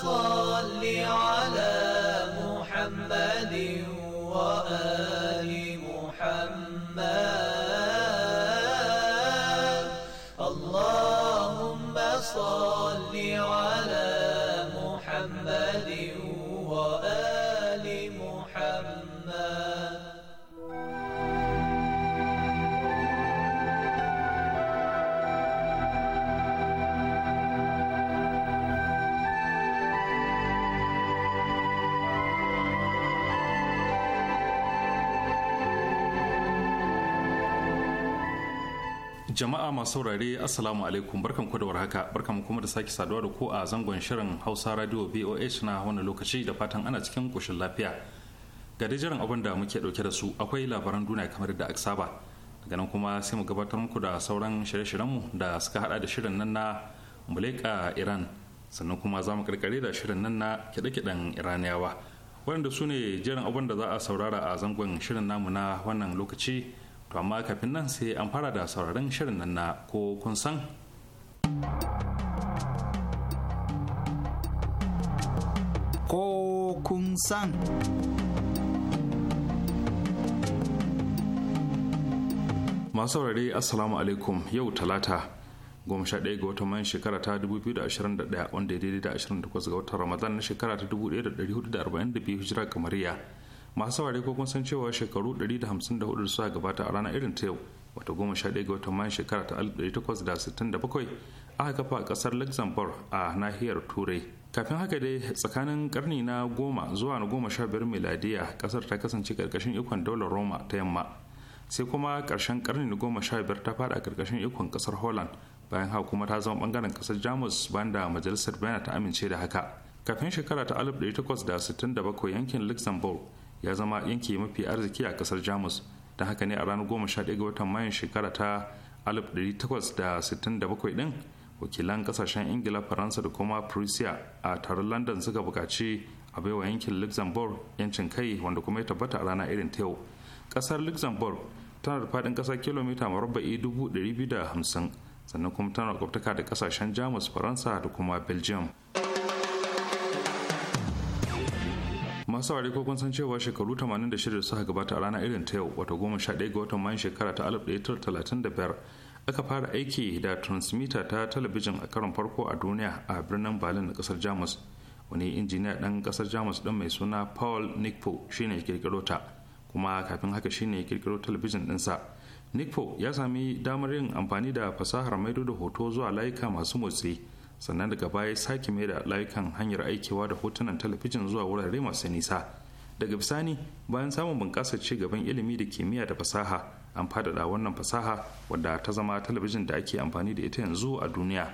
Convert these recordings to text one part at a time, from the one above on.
صل على محمد وآل jama'a masu saurare assalamu alaikum barkan ku da warhaka barkan kuma da sake saduwa da ku a zangon shirin hausa radio BOH na wannan lokaci da fatan ana cikin koshin lafiya ga jiran abin da muke dauke da su akwai labaran duniya kamar da aka saba daga nan kuma sai mu gabatar muku da sauran shirye shiryen mu da suka hada da shirin nan na muleka iran sannan kuma za mu karkare da shirin nan na kiɗe-kiɗen iraniyawa waɗanda su ne jiran abin da za a saurara a zangon shirin namu na wannan lokaci to amma kafin nan sai an fara da sauraron shirin nan na ko kun san ko kun san masu saurare assalamu alaikum yau talata goma sha ɗaya ga watan mayan shekara ta 2021 wanda ya daidai da 28 ga watan ramadan na shekara ta 1442 hijira kamariya masu saurari ko kun san cewa shekaru 154 suka gabata a rana irin ta yau wata goma sha ɗaya ga watan mayan shekara ta 1867 aka kafa a ƙasar luxembourg a nahiyar turai kafin haka dai tsakanin karni na goma zuwa na goma sha biyar miladiya ƙasar ta kasance ƙarƙashin ikon daular roma ta yamma sai kuma ƙarshen karni na goma sha biyar ta fada ƙarƙashin ikon ƙasar holland bayan haka kuma ta zama ɓangaren ƙasar jamus bayan da majalisar bayana ta amince da haka kafin shekara ta 1867 yankin luxembourg ya zama yanki mafi arziki a kasar jamus don haka ne a ranar goma 11 ga watan mayan shekara ta ɗari da da bakwai din wakilan kasashen ingila faransa da kuma prussia a taron london suka buƙaci a baiwa yankin luxembourg yancin kai wanda kuma ya tabbata a rana irin ta yau kasar luxembourg tana da faɗin ƙasa kilomita marabba'i hamsin sannan kuma tana kwabtaka da kasashen jamus faransa da kuma belgium masu saurari ko san cewa shekaru 86 suka gabata a rana irin ta yau wata goma sha ɗaya ga watan mayun shekara ta 1935 aka fara aiki da transmitter ta talabijin a karon farko a duniya a birnin berlin na kasar jamus wani injiniya dan kasar jamus ɗin mai suna paul nickpo shine ne kirkiro ta kuma kafin haka shine ne kirkiro talabijin ɗinsa nickpo ya sami damar yin amfani da fasahar maido da hoto zuwa layuka masu motsi sannan daga baya sake mai da layukan hanyar aikewa da hotunan talabijin zuwa wurare masu nisa daga bisani bayan samun bunƙasar ci gaban ilimi da kimiyya da fasaha an faɗaɗa wannan fasaha wadda ta zama talabijin da ake amfani da ita yanzu a duniya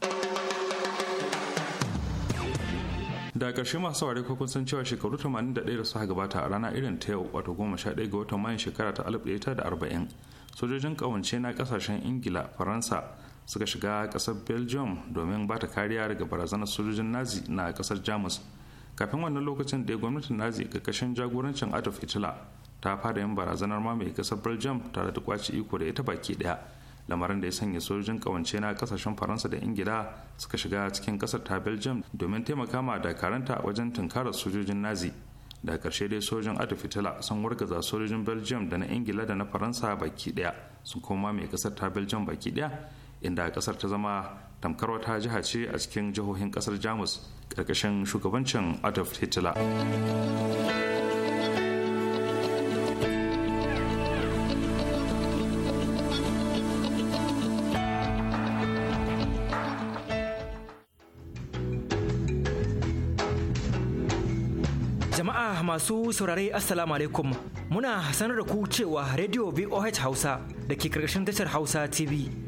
da ƙarshe masu saurari ko kun san cewa shekaru 81 da suka gabata a rana irin ta yau wato 11 ga watan mayan shekara ta 1940 sojojin ƙawance na kasashen ingila faransa suka shiga kasar belgium domin ba ta kariya daga barazanar sojojin nazi na kasar jamus kafin wannan lokacin da gwamnatin nazi ƙarƙashin jagorancin adolf hitler ta fara yin barazanar mamaye kasar belgium tare da kwace iko da ita baki daya lamarin da ya sanya sojojin kawance na kasashen faransa da ingila suka shiga cikin kasar ta belgium domin taimaka ma dakaranta wajen tunkarar sojojin nazi da karshe dai sojin adolf hitler sun wargaza sojojin belgium da na ingila da na faransa baki daya sun koma mai kasar ta belgium baki daya inda kasar ta zama tamkar wata jiha ce a cikin jihohin kasar jamus ƙarƙashin shugabancin adolf hitler Jama'a masu saurare Assalamu alaikum muna sanar da ku cewa Radio VOH Hausa da ke karkashin tashar Hausa TV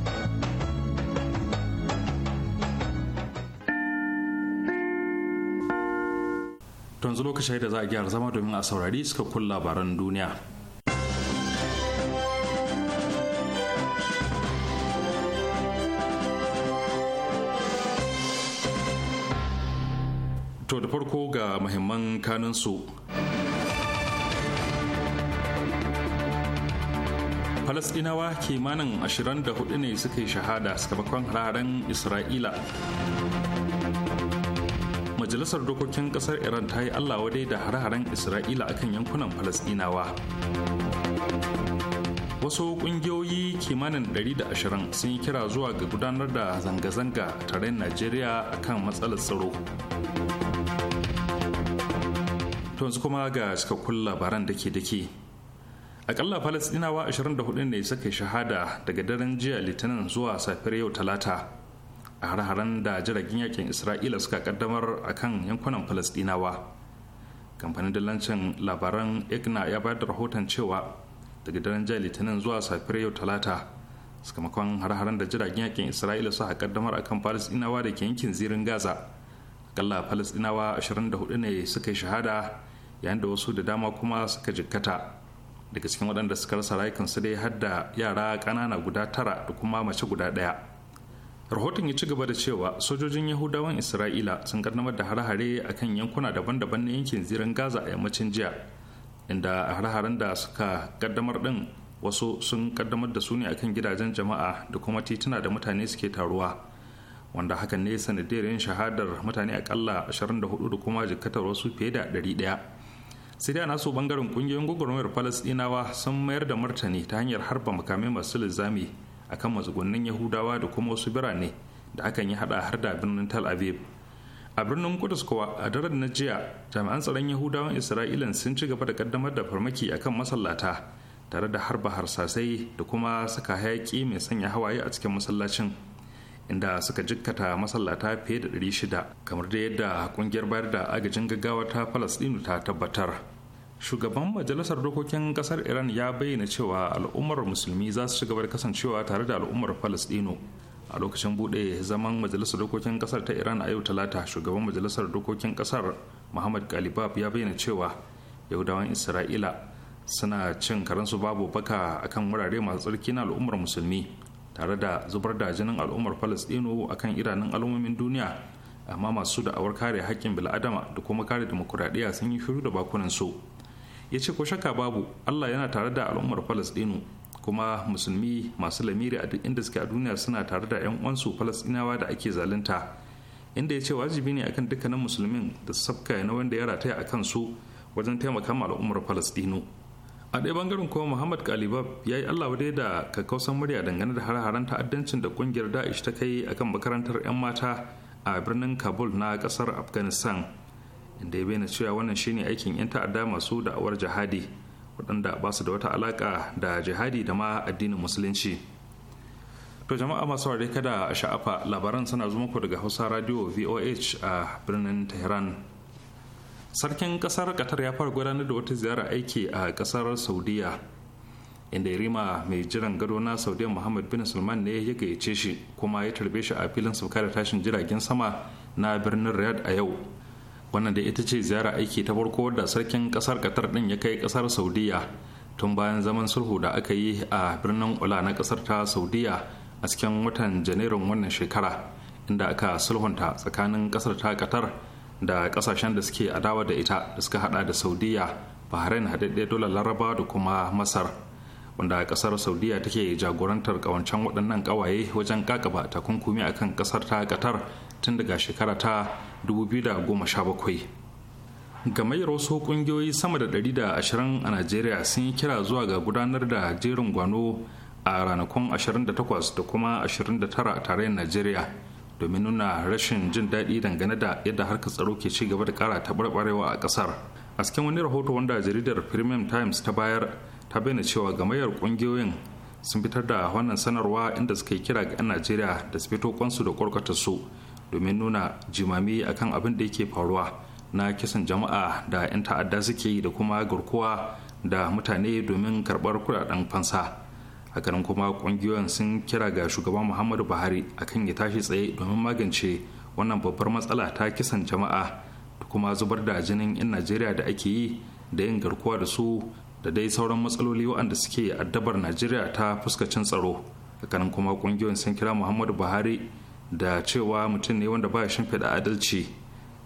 to yanzu lokacin da za a gyara zama domin a saurari suka kun labaran duniya to da farko ga muhimman kanin su falasdinawa kimanin 24 ne suka yi shahada sakamakon hararen isra'ila majalisar dokokin kasar iran ta yi allah wadai da hare-haren isra'ila akan yankunan falasdinawa wasu kungiyoyi kimanin 120 sun yi kira zuwa ga gudanar da zanga-zanga tare najeriya akan matsalar tsaro yanzu kuma ga cikakkun labaran da ke dake akalla falasdinawa 24 ne suka shahada daga daren jiya litinin zuwa safiyar yau talata a har haren da jiragen yakin isra'ila suka kaddamar a kan yankunan falasdinawa kamfanin dillancin labaran igna ya bayar da rahoton cewa daga daren jiya litinin zuwa safiyar yau talata sakamakon har haren da jiragen yakin isra'ila suka kaddamar a kan falasdinawa da ke yankin zirin gaza akalla falasdinawa 24 ne suka yi shahada yayin da wasu da dama kuma suka jikkata daga cikin waɗanda suka rasa rayukansu dai har da yara ƙanana guda tara da kuma mace guda ɗaya rahoton ya ci gaba da cewa sojojin yahudawan isra'ila sun kaddamar da hare-hare a kan yankuna daban-daban na yankin ziran gaza a yammacin jiya inda a hare-haren da suka kaddamar din wasu sun kaddamar da su ne akan gidajen jama'a da kuma tituna da mutane suke taruwa wanda hakan ne sanadiyar yin shahadar mutane akalla 24 da kuma jikatar wasu fiye da 100 sai dai nasu bangaren kungiyoyin gwagwarmayar falasdinawa sun mayar da martani ta hanyar harba makamai masu linzami akan matsugunnin yahudawa da kuma wasu birane da akan yi hada har da birnin tal aviv a birnin kudus kuwa a daren na jiya jami'an tsaron yahudawan isra'ila sun ci gaba da kaddamar da farmaki akan masallata tare da harba harsasai da kuma saka hayaki mai sanya hawaye a cikin masallacin inda suka jikkata masallata fiye da 600 kamar da yadda kungiyar bayar da agajin gaggawa ta falasdinu ta tabbatar shugaban majalisar dokokin kasar iran ya bayyana cewa al'ummar musulmi za su da kasancewa tare da al'ummar palestino a lokacin bude zaman majalisar dokokin kasar ta iran a yau talata shugaban majalisar dokokin kasar muhammad galibab ya bayyana cewa yahudawan isra'ila suna cin karansu babu baka akan wurare masu tsarki na al'ummar musulmi tare da zubar da jinin al'ummar palestino akan iranin al'ummomin duniya amma masu da'awar kare haƙƙin bil'adama da kuma kare dimokuraɗiyya sun yi shiru da bakunan su ya ce ko shakka babu allah yana tare da al'ummar Falasɗinu kuma musulmi masu lamiri a duk inda suke a duniya suna tare da 'yan uwansu falastinawa da ake zalunta inda ya ce wajibi ne akan dukkanin musulmin da sabka na wanda ya rataya a kansu wajen taimaka ma al'ummar Falasɗinu. a ɗaya bangaren kuma muhammad kalibab ya yi allah wadai da kakkausan murya dangane da har-haren ta'addancin da kungiyar da'ish ta kai akan makarantar 'yan mata a birnin kabul na ƙasar afghanistan inda ya bayyana cewa wannan shine aikin 'yan ta'adda masu da'awar jihadi waɗanda ba su da wata alaƙa da jihadi da ma addinin musulunci to jama'a masu ware kada a sha'afa labaran suna zuwa ku daga hausa radio voh a birnin tehran sarkin kasar qatar ya fara gudanar da wata ziyara aiki a kasar saudiya inda rima mai jiran gado na saudiya muhammad bin sulman ne ya gayyace shi kuma ya tarbe shi a filin sauka da tashin jiragen sama na birnin riyadh a yau wannan da ita ce ziyara aiki ta farko da sarkin kasar katar din ya kai kasar saudiya tun bayan zaman sulhu da aka yi a birnin ula na kasar ta saudiya a cikin watan janairun wannan shekara inda aka sulhunta tsakanin kasar ta qatar da kasashen da suke adawa da ita da suka hada da saudiya bahrain haɗaɗɗiyar dole laraba da kuma masar wanda kasar saudiya take jagorantar kawancan waɗannan kawaye wajen kakaba takunkumi a kan kasar ta qatar tun daga shekara ta 2017 gamayyar wasu kungiyoyi sama da 120 a najeriya sun yi kira zuwa ga gudanar da jerin gwano a ranakun 28 da kuma 29 tarayyar najeriya domin nuna rashin jin daɗi dangane da yadda harka tsaro ke ci gaba da ƙara taɓarɓarewa a ƙasar a cikin wani rahoto wanda jaridar premium times ta bayar ta bayyana cewa gamayar kungiyoyin sun fitar da wannan sanarwa inda suka yi kira ga 'yan najeriya da su fito kwansu da kwarkwatar su domin nuna jimami akan abin da yake faruwa na kisan jama'a da 'yan ta'adda suke yi da kuma garkuwa da mutane domin karɓar kudaden fansa hakanan kuma kungiyoyin sun kira ga shugaban muhammadu buhari akan ya tashi tsaye domin magance wannan babbar matsala ta kisan jama'a da kuma zubar da jinin 'yan najeriya da ake yi da yin garkuwa da su da dai sauran matsaloli waɗanda suke addabar najeriya ta fuskacin tsaro tsakanin kuma ƙungiyoyin sun kira muhammadu buhari da cewa mutum ne wanda baya shimfiɗa adalci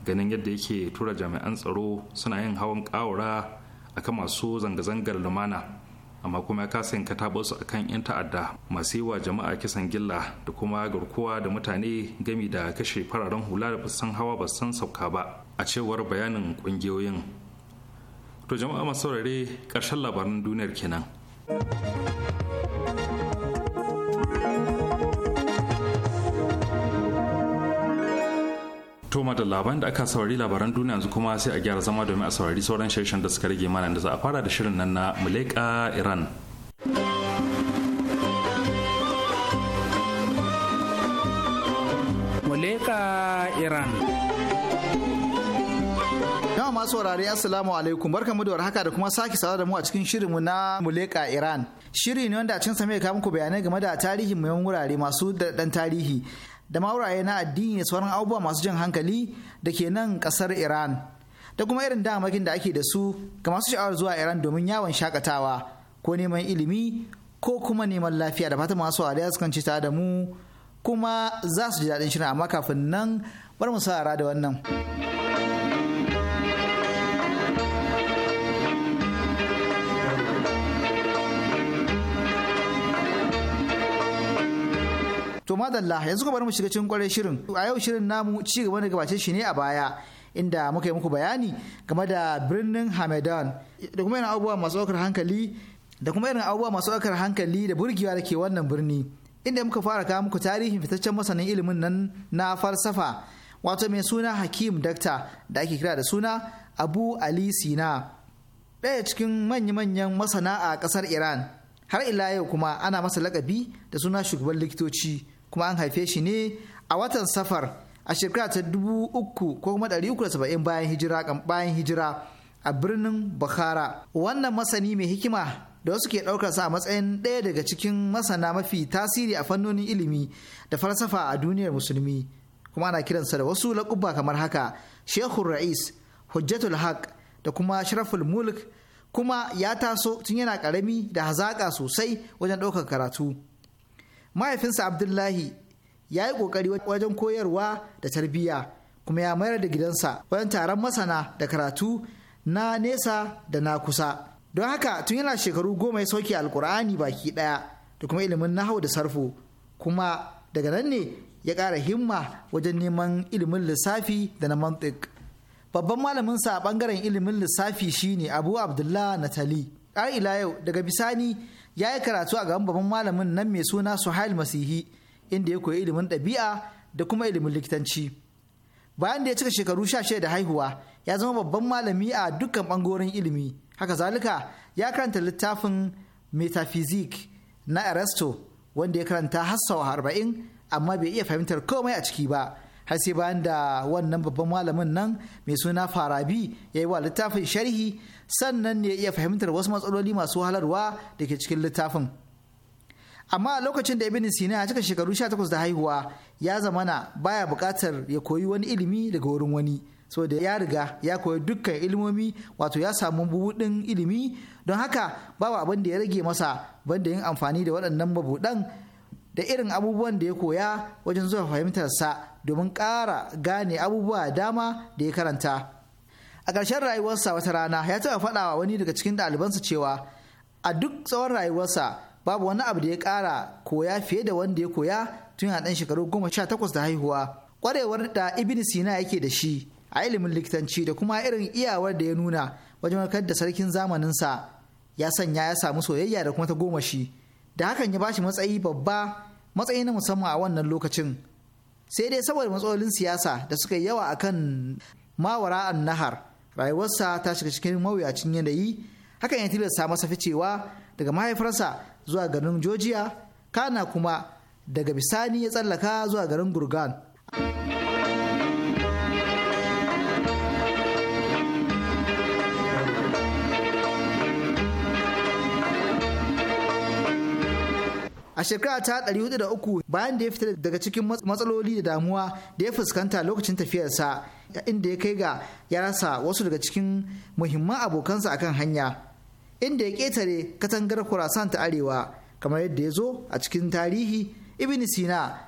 ganin yadda yake tura jami'an tsaro suna yin hawan ƙawura kan masu zanga-zangar lumana amma kuma ya kasa yin su akan 'yan ta'adda masu yi wa jama'a kisan gilla da kuma garkuwa da mutane gami da kashe fararen hula da san hawa ba san sauka ba a cewar bayanin ƙungiyoyin to jama'a masu saurare ƙarshen labaran duniyar kenan toma da labaran da aka saurari labaran duniya yanzu kuma sai a gyara zama domin a saurari sauran shirin da suka rage mana da za a fara da shirin nan na muleka iran muleka iran masu wurare assalamu alaikum barkamu da warhaka da kuma sake sawa da mu a cikin shirinmu na muleka Iran. Shiri ne wanda a cikin mai muku bayanai game da tarihin muhimman wurare masu daɗan tarihi da ma wurare na addini da sauran abubuwa masu jan hankali da ke nan kasar Iran. Da kuma irin damakin da ake da su ga masu sha'awar zuwa Iran domin yawon shakatawa ko neman ilimi ko kuma neman lafiya da fatan masu wurare su kanci da mu kuma za su ji daɗin shirin amma kafin nan bar mu sa da wannan. to madalla yanzu ka bari mu shiga cikin kwarai shirin a yau shirin namu ci gaba da gabace shi ne a baya inda muka yi muku bayani game da birnin hamadan da kuma irin abubuwa masu ɗaukar hankali da kuma irin abubuwa masu ɗaukar hankali da burgewa da ke wannan birni inda muka fara kawo muku tarihin fitaccen masanin ilimin nan na falsafa wato mai suna hakim dakta da ake kira da suna abu ali sina ɗaya cikin manya-manyan masana a ƙasar iran har ila yau kuma ana masa lakabi da suna shugaban likitoci kuma an haife shi ne a watan safar a shekara ta dubu uku ko kuma ɗari uku da saba'in bayan hijira bayan hijira a birnin Bukhara. Wannan masani mai hikima da wasu ke ɗaukar sa a matsayin ɗaya daga cikin masana mafi tasiri a fannonin ilimi da falsafa a duniyar musulmi. Kuma ana kiransa da wasu laƙuba kamar haka, Shehun Ra'is, Hujjatul Haq da kuma Sharaful Mulk kuma ya taso tun yana ƙarami da hazaƙa sosai wajen ɗaukar karatu. mahaifinsa abdullahi ya yi kokari wajen koyarwa da tarbiyya kuma ya mayar da gidansa wajen taron masana da karatu na nesa da na kusa don haka tun yana shekaru goma ya sauke alkur'ani baki daya da kuma ilimin nahau da sarfo kuma daga nan ne ya ƙara himma wajen neman ilimin lissafi da na mantik babban malaminsa a ɓangaren ilimin lissafi shine abu Abdullahi natali har ila yau daga bisani ya yi karatu a gaban babban malamin nan mai suna suhail masihi inda ya koyi ilimin ɗabi'a da kuma ilimin likitanci bayan da ya cika shekaru sha shida da haihuwa ya zama babban malami a dukkan ɓangoren ilimi haka zalika ya karanta littafin metaphysic na aristo wanda ya karanta har sau arba'in amma bai iya fahimtar komai a ciki ba har sai bayan da wannan babban malamin nan mai suna farabi ya yi wa littafin sharhi sannan ne ya iya fahimtar wasu matsaloli masu wahalarwa da ke cikin littafin amma a lokacin da ibn sina ya cika shekaru 18 da haihuwa ya zamana baya bukatar ya koyi wani ilimi daga wurin wani so da ya riga ya koyi dukkan ilimomi wato ya samu bubuɗin ilimi don haka babu abin da ya rage masa banda yin amfani da waɗannan mabuɗan da irin abubuwan da ya koya wajen zuwa fahimtarsa domin ƙara gane abubuwa dama da ya karanta. A ƙarshen rayuwarsa wata rana ya taɓa faɗawa wani daga cikin ɗalibansa cewa a duk tsawon rayuwarsa babu wani abu da ya kara koya fiye da wanda ya koya tun yana ɗan shekaru goma sha takwas da haihuwa. Ƙwarewar da Ibn Sina yake da shi a ilimin likitanci da kuma irin iyawar da ya nuna wajen warkar da sarkin zamaninsa ya sanya ya samu soyayya da kuma ta goma shi. da hakan ya bashi matsayi babba matsayi na musamman a wannan lokacin sai dai saboda matsalolin siyasa da suka yi yawa kan mawara an nahar rayuwarsa ta shiga cikin mawuyacin yanayi hakan ya tilasta masa ficewa daga mahaifarsa zuwa garin jojiya kana kuma daga bisani ya tsallaka zuwa garin Gurgan. a shekara ta da 403 bayan da ya fita daga cikin matsaloli da damuwa da ya fuskanta lokacin tafiyarsa inda ya kai ga ya rasa wasu daga cikin muhimman abokansa akan hanya inda ya ketare katangar kurasan ta arewa kamar yadda ya zo a cikin tarihi ibn sina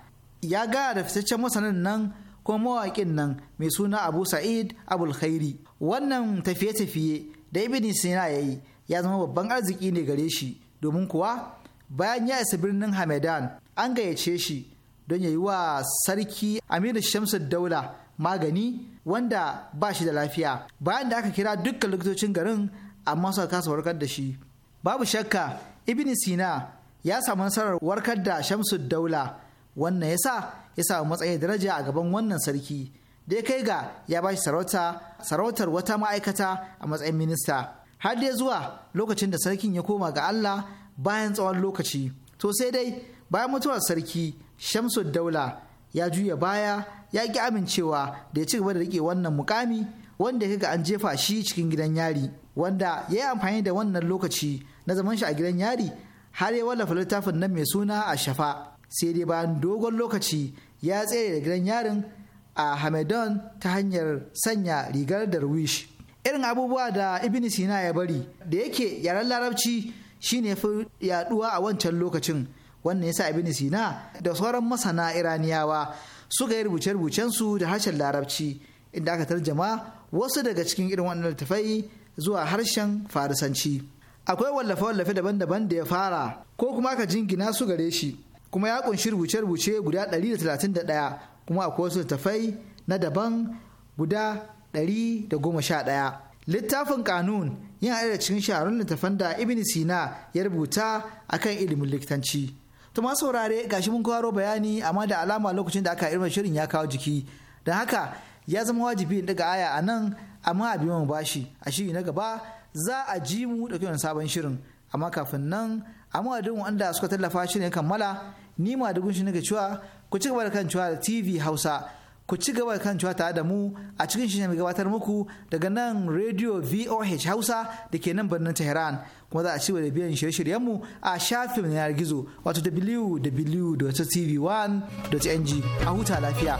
ya gaya da fitaccen masanin nan kuma mawaƙin nan mai suna abu sa'id abul khairi wannan tafiye-tafiye da ibn sina ya yi ya zama babban arziki ne gare shi domin kuwa bayan ya isa birnin hamedan an gayyace shi don ya yi wa sarki aminu shamsu daula magani wanda ba shi da lafiya bayan da aka kira dukkan likitocin garin amma suka kasa warkar da shi babu shakka ibn sina ya samu nasarar warkar da shamsu daula wannan ya sa ya samu matsayin daraja a gaban wannan sarki da ya kai ga ya ba shi sarauta sarautar wata ma'aikata a matsayin minista har dai zuwa lokacin da sarkin ya koma ga allah bayan tsawon lokaci to sai dai bayan mutuwar sarki shamsu daula ya juya baya ya ki amincewa da ya ci gaba da rike wannan mukami wanda ya ga an jefa shi cikin gidan yari wanda ya yi amfani da wannan lokaci na zaman shi a gidan yari har ya wallafa littafin nan mai suna a shafa sai dai bayan dogon lokaci ya tsere da gidan yarin a hamadan ta hanyar sanya rigar darwish irin abubuwa da ibn sina ya bari da yake yaren larabci Shi shine fi yaduwa a wancan lokacin wannan yasa ibn sina da sauran masana iraniyawa suka yi rubuce-rubucen su da harshen larabci inda aka tarjama wasu daga cikin irin wannan littafai zuwa harshen farisanci akwai wallafe-wallafe daban-daban da ya fara ko kuma aka jingina su gare shi kuma ya kunshi rubuce-rubuce guda 131 kuma akwai wasu littafai na daban guda 111 littafin kanun yana da cikin shahararrun littafan da ibn sina ya rubuta akan ilimin likitanci to ma saurare gashi mun kwaro bayani amma da alama lokacin da aka irin shirin ya kawo jiki don haka ya zama wajibi in daga aya a nan amma a biyan bashi a shiri na gaba za a ji mu da wani sabon shirin amma kafin nan a madadin wanda suka tallafa shirin ya kammala ni ma da gunshi ga cewa ku ci gaba da kan cewa da tv hausa ku ci gaba da kancewa tare da mu a cikin shirin mai gabatar muku daga nan radio voh hausa da ke nan birnin tehran kuma za a ci da biyan shirye-shiryenmu a shafin yanar gizo wato www.tv1.ng a huta lafiya.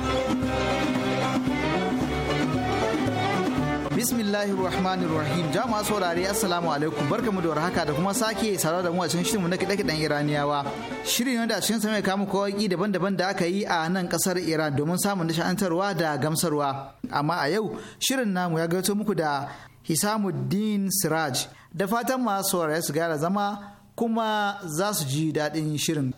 bismillahir rahmanir rahim jama'a saurare assalamu alaikum barkamu da warhaka da kuma sake saurare da mu a cikin shirinmu na kidan kidan iraniyawa shirin wanda a cikin sa mai kamu kawaki daban-daban da aka yi a nan kasar iran domin samun nishantarwa da gamsarwa amma a yau shirin namu ya gato muku da hisamuddin siraj da fatan masu saurare su gara zama kuma za su ji daɗin shirin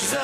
лишь за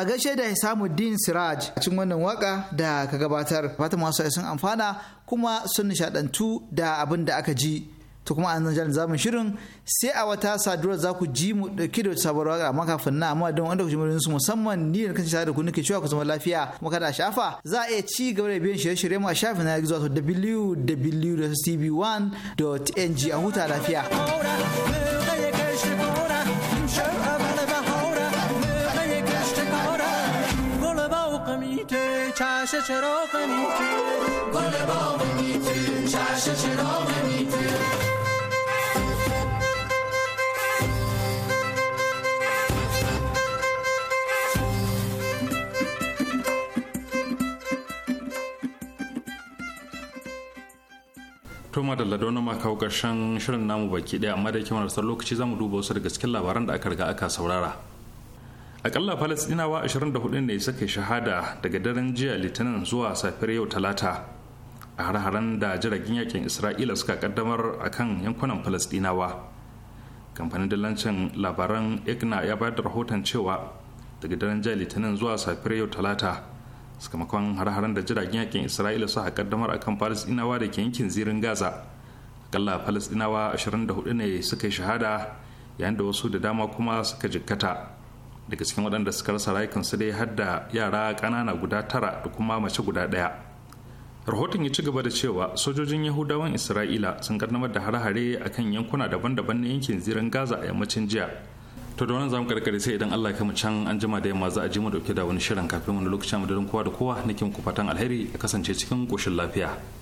a gaishe da Hisamuddin Siraj A cikin wannan waka da ka gabatar fata masu sun amfana kuma sun nishadantu da abin da aka ji to kuma an zanjar zamun shirin sai a wata saduwar za ku ji mu dauki da sabuwar waka amma kafin na amma don wanda ku ji mu su musamman ni da shi da ku nake cewa ku zama lafiya kuma kada shafa za a iya ci gaba da biyan shirye-shirye mu a shafin na gizo www.tv1.ng a huta lafiya. چش چراغ میتو گل باغ میتو چش چراغ میتو Toma da Ladona ma kawo ƙarshen shirin namu baki ɗaya amma da kyamar lokaci za mu duba wasu daga cikin labaran da aka riga aka saurara. akalla falasdinawa 24 ne suka shahada daga daren jiya litinin zuwa safiyar yau talata a har-haren da jiragen yakin isra'ila suka kaddamar a kan yankunan falasdinawa kamfanin dillancin labaran igna ya bayar da rahoton cewa daga daren jiya litinin zuwa safiyar yau talata sakamakon har-haren da jiragen yakin isra'ila suka kaddamar akan falasdinawa da ke yankin zirin gaza akalla falasdinawa 24 ne suka shahada yayin da wasu da dama kuma suka jikkata daga cikin waɗanda suka rasa rayukansu dai har da yara ƙanana guda tara da kuma mace guda ɗaya rahoton ya ci gaba da cewa sojojin yahudawan isra'ila sun kaddamar da hare-hare a kan yankuna daban-daban na yankin zirin gaza a yammacin jiya to da wannan zamu karkare sai idan allah kama can an jima da yamma za a ji mu dauke da wani shirin kafin wani lokacin mu kowa da kowa nake muku fatan alheri ya kasance cikin koshin lafiya